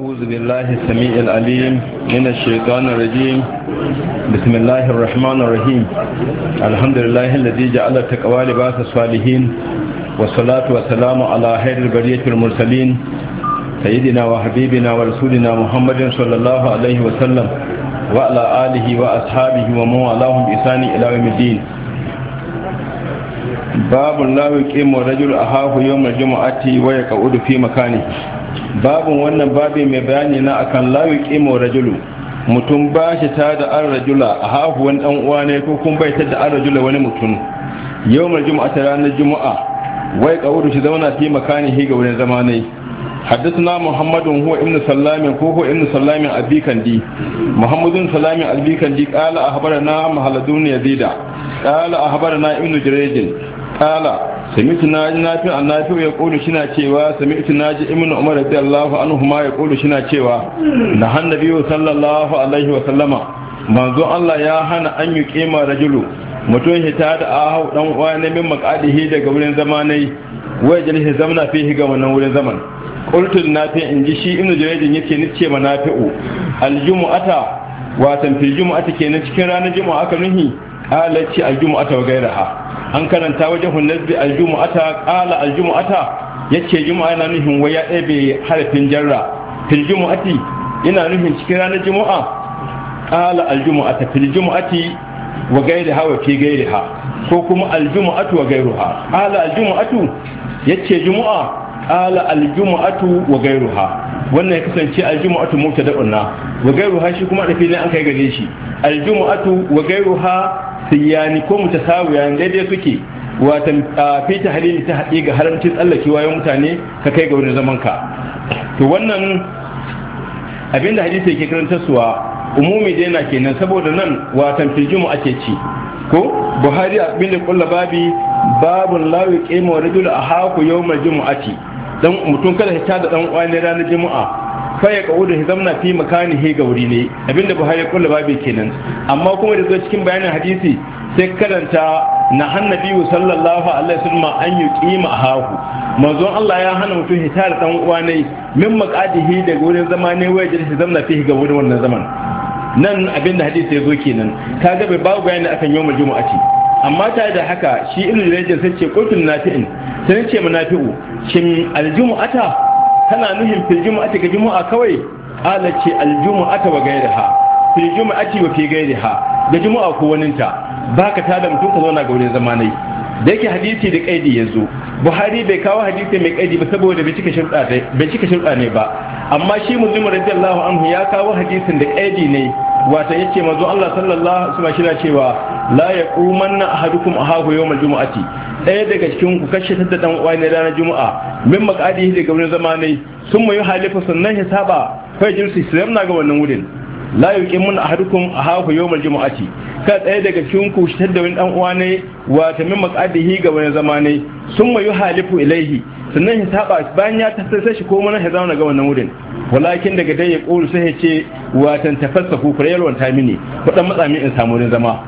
أعوذ بالله السميع العليم من الشيطان الرجيم بسم الله الرحمن الرحيم الحمد لله الذي جعل تقوى لباس الصالحين والصلاة والسلام على خير البرية المرسلين سيدنا وحبيبنا ورسولنا محمد صلى الله عليه وسلم وعلى آله وأصحابه ومن والاهم بإحسان إلى يوم الدين باب لا يقيم الرجل أخاه يوم الجمعة ويقعد في مكانه babin wannan babin mai bayani na akan layu kimo rajulu mutum ba shi ta da an rajula a hafuwan ɗan uwa ne ko kun bai ta da an rajula wani mutum yau mai juma'a ta ranar juma'a wai kawo shi zauna fi makani higa wani zamanai. haddasa na muhammadun huwa ibn sallamin ko huwa ibn sallamin abikandi muhammadun sallamin abikandi ƙala a habara na mahaladun yazida ƙala a habara na ibn jirejin ƙala. sami'tu na ji nafi an nafi ya kulu shina cewa sami'tu na ji ibnu umar radiyallahu anhu ma ya kulu shina cewa na hannabi sallallahu alaihi wa sallama manzo Allah ya hana an yi kima rajulu mutum hita da ahau dan uwa ne min maqadihi daga wurin zamanai wai jalhi zamna fihi ga wannan wurin zaman qultu nafi in ji shi ibnu jaridin yace ni ce manafi'u aljumu'ata watan fil jumu'ati kenan cikin ranar jumu'a aka nuhi alaci aljumu'ata wa gairaha an karanta wajen nasbi aljumu'ata qala aljumu'ata yace juma'a yana nufin waya ya ɗebe harafin jarra fil jumu'ati yana nufin cikin ranar juma'a qala aljumu'ata fil jumu'ati wa gairi wa fi ha. ko kuma aljumu'atu wa gairu ha qala aljumu'atu yace juma'a qala aljumu'atu wa gairu ha. wannan ya kasance aljumu'atu mubtada'un na wa gairu ha shi kuma da ne an kai gare shi aljumu'atu wa gairu ha. siyani ko mutasawiyan daidai suke watan fi ta halili ta haɗe ga haramcin tsallake wayan mutane ka kai ga wani zaman ka to wannan abinda hadisi yake karantarsuwa umumi da yana kenan saboda nan watan filjimu ake ci ko buhari abinda kulla babi babu lawi kema wa rajul a haku yau mai jumu'ati dan mutum kada ya tada dan uwa ne ranar juma'a fa ka wudu zamna fi makani he ga wuri ne abinda buhari kullu babu kenan amma kuma da zo cikin bayanin hadisi sai karanta na hannabi sallallahu alaihi wasallam an yuqima hahu manzo Allah ya hana mutum hita da dan uwa ne min maqadihi wurin zama ne waye da zamna fi ga wannan zaman nan abinda hadisi ya zo kenan kaga bai babu bayani akan yawmul jumu'ati amma ta da haka shi ibn rajab sai ce qultu nafi'in sai ce munafi'u shin aljumu'ata tana nuhin fil jumu'ati ga jumu'a kawai ala ce al jumu'ata wa gairaha fil jumu'ati wa fi gairaha ga jumu'a ko waninta baka tada mutum ka zauna ga wurin zamanai da yake hadisi da kaidi yanzu buhari bai kawo hadisi mai kaidi ba saboda bai cika shirɗa bai cika shirɗa ne ba amma shi muslim radiyallahu anhu ya kawo hadisin da kaidi ne wato yace manzo Allah sallallahu alaihi wasallam shi cewa la ya kumanna ahadukum ahahu yawmal jumu'ati ɗaya daga cikin ku kashe ta dan uwa ne ranar juma'a min makadi daga gaban zama sun mayu halifa sannan ya saba kai jinsi sai na ga wannan wurin la yuqimun ahadukum ahahu yawmal jumu'ati ka ɗaya daga cikin ku shi da wani dan uwa ne wa ta min makadi ga gaban zama sun mayu halifu ilaihi sannan ya saba bayan ya tafsirce shi ko mana ya zauna ga wannan wurin walakin daga dai ya kulu sai ya ce watan tafassahu kurayalwan ta mini fadan matsami in samu wurin zama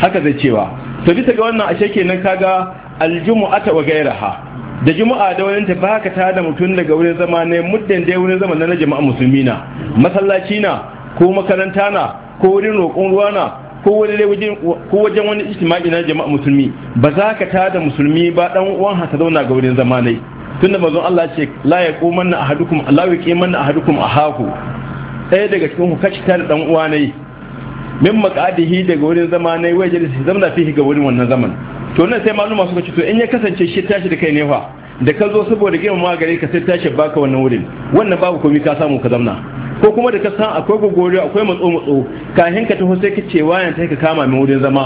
haka zai cewa to bisa ga wannan ashe kenan kaga aljumu'ata wa gairaha da juma'a da wani ta baka ta da mutum daga wurin zama ne muddin dai wurin zama na jama'a musulmi na masallaci na ko makaranta na ko wurin roƙon ruwa na ko wajen wani ijtima'i na jama'a musulmi ba za ka ta da musulmi ba dan uwan haka zauna ga wurin zama ne tunda mazon Allah ce la ya koman ahadukum Allah ya keman ahadukum ahahu ɗaya daga cikin ku kaci ta da dan uwa ne min maqadihi daga wurin zama ne jira da zamna fihi ga wurin wannan zaman to nan sai maluma suka ce to in ya kasance shi tashi da kai ne fa da ka zo saboda ma gare ka sai tashi baka wannan wurin wannan babu komai ka samu ka zamna ko kuma da ka san akwai gogori akwai matso matso kahin ka taho sai ka ce wayan sai ka kama min wurin zama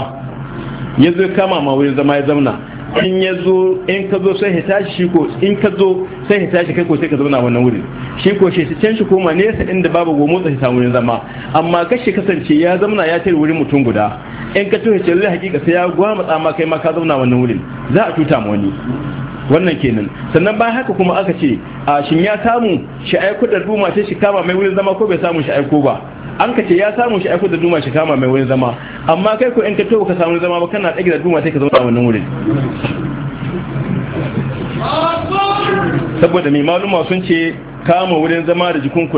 ya kama ma wurin zama ya zamna in ya zo in ka zo sai hita shi ko in ka zo sai kai ko sai ka zauna wannan wurin shi ko shi can shi koma nesa inda babu go motsa shi samu zama amma kashi kasance ya zauna ya tare wurin mutum guda in ka tuhe ce lalle hakika sai ya gwama ma kai ma ka zauna wannan wurin za a tuta ma wani wannan kenan sannan bayan haka kuma aka ce a shin ya samu shi aiko da duma sai shi kama mai wurin zama ko bai samu shi aiko ba an ka ce ya samu shi aiko da duma shi kama mai wani zama amma kai ko in ka to ka samu zama ba kana tsaki da duma sai ka zama a wannan wurin saboda mai maluma sun ce kama wurin zama da jikun